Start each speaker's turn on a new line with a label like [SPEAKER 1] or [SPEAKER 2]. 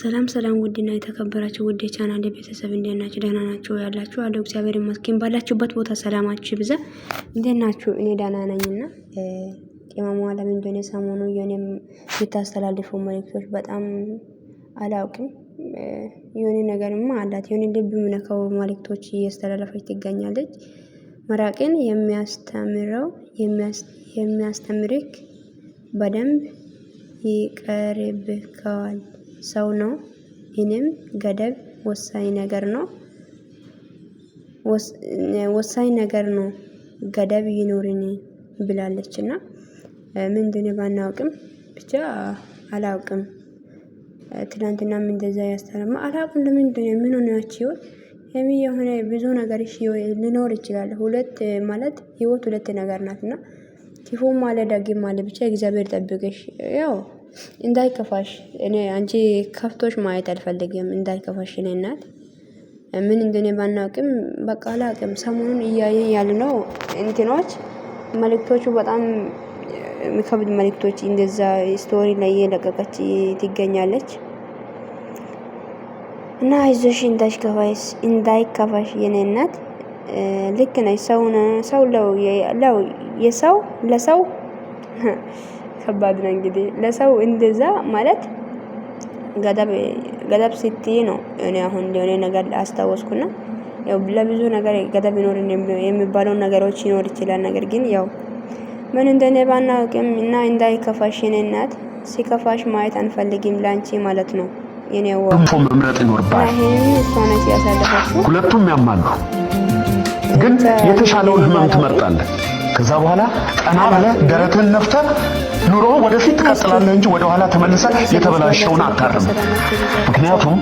[SPEAKER 1] ሰላም ሰላም ውድና የተከበራችሁ ውድ የቻናል ቤተሰብ እንዴት ናችሁ? ደህና ናችሁ ያላችሁ አለው እግዚአብሔር ይመስገን። ባላችሁበት ቦታ ሰላማችሁ ይብዛ። እንዴት ናችሁ? እኔ ደህና ነኝና ቅመሙ አለም እንደሆነ ሰሞኑ የሆነ የምታስተላልፉ መልእክቶች በጣም አላውቅም። የሆነ ነገርማ አላት የሆነ ልብ የሚነካው መልእክቶች እያስተላለፈች ትገኛለች። መራቅን የሚያስተምረው የሚያስተምርክ በደንብ ይቀርብከዋል ሰው ነው። ይህንም ገደብ ወሳኝ ነገር ነው ወሳኝ ነገር ነው። ገደብ ይኖርን ብላለች እና ምንድን ባናውቅም ብቻ አላውቅም። ትናንትና እንደዛ ያስተረማ አላውቅም። ለምንድን ምን ሆናችሁ? የሚ የሆነ ብዙ ነገር ሊኖር ይችላል። ሁለት ማለት ህይወት ሁለት ነገር ናት እና ክፉም አለ ደግም አለ። ብቻ እግዚአብሔር ጠብቀሽ ያው እንዳይከፋሽ እኔ አንቺ ከፍቶሽ ማየት አልፈልግም። እንዳይከፋሽ እኔ እናት ምን እንደሆነ ባናውቅም በቃ አላውቅም። ሰሞኑን እያየን ያልነው እንትኖች መልእክቶቹ በጣም የሚከብድ መልእክቶች እንደዛ ስቶሪ ላይ እየለቀቀች ትገኛለች። እና አይዞሽ እንዳይከፋሽ እንዳይከፋሽ የኔ እናት ልክ ነሽ። ሰው ሰው ለው የሰው ለሰው ከባድ ነው እንግዲህ ለሰው እንደዛ ማለት ገደብ ገደብ ስትይ ነው። እኔ አሁን የሆነ ነገር አስታወስኩና ያው ለብዙ ነገር ገደብ ይኖር የሚባለው ነገሮች ይኖር ይችላል። ነገር ግን ያው ምን እንደኔ ባናውቅም እና እንዳይከፋሽ የኔ እናት ሲከፋሽ ማየት አንፈልግም ላንቺ ማለት ነው። የኔ
[SPEAKER 2] ወጥቶ መምረጥ ይኖርባል። ይሄን እሷነች ያሳለፈችው። ሁለቱም ያማሉ፣ ግን የተሻለውን ህመም ትመርጣለህ። ከዛ በኋላ ቀና ብለህ ደረትን ነፍተህ ኑሮ ወደፊት ትቀጥላለህ እንጂ ወደኋላ ተመልሰህ የተበላሸውን አታርም። ምክንያቱም